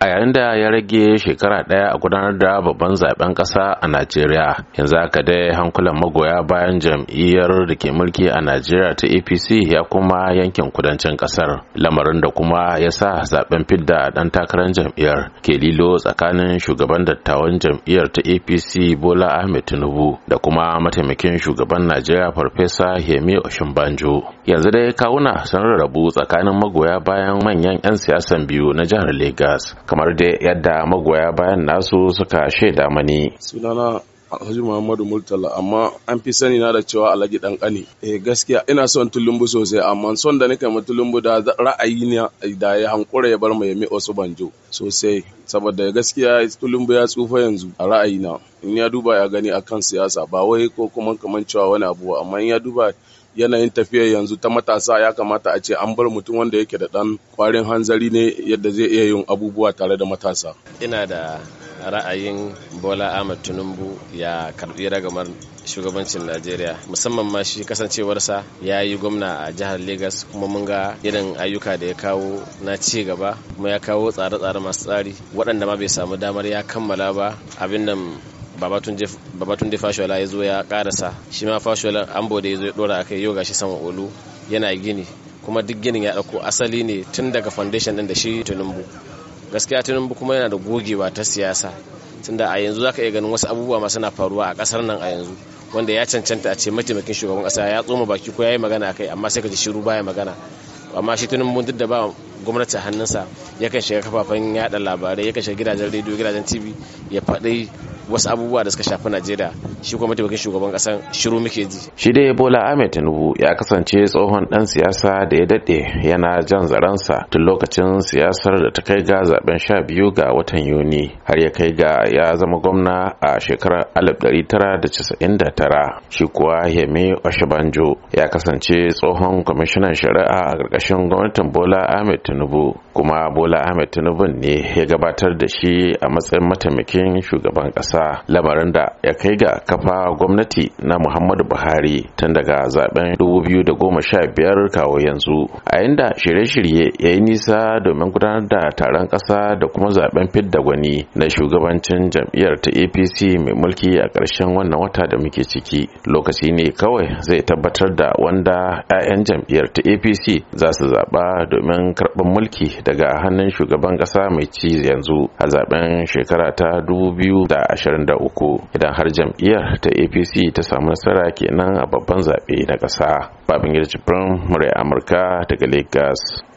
a yayin da ya rage shekara ɗaya a gudanar da babban zaben ƙasa a najeriya yanzu haka dai hankulan magoya bayan jam'iyyar da ke mulki a najeriya ta apc ya kuma yankin kudancin ƙasar lamarin da kuma ya sa zaben fidda a ɗan takarar jam'iyyar ke lilo tsakanin shugaban dattawan jam'iyyar ta apc bola ahmed tinubu da kuma mataimakin shugaban najeriya farfesa hemi Oshinbanjo. yanzu dai kawuna sun rarrabu tsakanin magoya bayan manyan 'yan siyasan biyu na jihar Legas. kamar dai yadda magoya bayan nasu suka shaida mani sunana Alhaji Muhammadu Murtala amma an fi sani na da cewa Alhaji dan kani eh gaskiya ina son tulumbu sosai amma son da nake ma tulumbu da ra'ayi ne da ya hankura ya bar mu yami wasu banjo sosai saboda gaskiya tulumbu ya tsufa yanzu a ra'ayi na in ya duba ya gani akan siyasa ba wai ko kuma kaman cewa wani abu amma in ya duba yanayin tafiya yanzu ta matasa ya kamata a ce an bar mutum wanda yake da dan kwarin hanzari ne yadda zai iya yin abubuwa tare da matasa ina da ra'ayin bola ahmad tinubu ya karbi ragamar shugabancin najeriya musamman ma shi kasancewarsa ya yi gwamna a jihar legas kuma mun ga irin ayyuka da ya kawo na ci gaba kuma ya kawo tsare-tsare masu tsari waɗanda ma bai samu damar ya kammala ba abin nan babatunde fashola ya zo ya karasa shi ma fashola ambo da ya zo ya dora akai yau shi sama olu yana gini kuma duk ginin ya dauko asali ne tun daga foundation din da shi tunumbu gaskiya tunumbu kuma yana da gogewa ta siyasa tunda a yanzu zaka iya ganin wasu abubuwa masu na faruwa a kasar nan a yanzu wanda ya cancanta a ce mataimakin shugaban kasa ya tsoma baki ko yayi yi magana kai amma sai ka ji shiru baya magana amma shi tunumbu duk da ba gwamnati hannunsa yakan shiga kafafen yada labarai yakan shiga gidajen rediyo gidajen tv ya faɗi wasu abubuwa da suka shafi najeriya shi kuma mataimakin shugaban kasan shiru muke ji shi dai bola ahmed tinubu ya kasance tsohon dan siyasa da ya dade yana jan zaransa tun lokacin siyasar da ta kai ga zaben sha biyu ga watan yuni har ya kai ga ya zama gwamna a shekarar alif da casa'in tara, shi kuwa yemi oshibanjo ya kasance tsohon kwamishinan shari'a a ƙarƙashin gwamnatin bola ahmed tinubu kuma bola ahmed tinubu ne ya gabatar da shi a matsayin mataimakin shugaban ƙasa ƙasa lamarin da ya kai ga kafa gwamnati na muhammadu buhari tun daga zaben 2015 kawo yanzu a inda shirye-shirye ya yi nisa domin gudanar da taron ƙasa da kuma zaben fidda gwani na shugabancin jam'iyyar ta apc mai mulki a ƙarshen wannan wata da muke ciki lokaci ne kawai zai tabbatar da wanda 'ya'yan jam'iyyar ta apc za su zaɓa domin karɓar mulki daga hannun shugaban ƙasa mai ci yanzu a zaben shekara ta 2020 2023 idan har jam'iyyar ta apc ta samu nasara kenan a babban zaɓe na ƙasa babin yarjibirin murai amurka daga lagos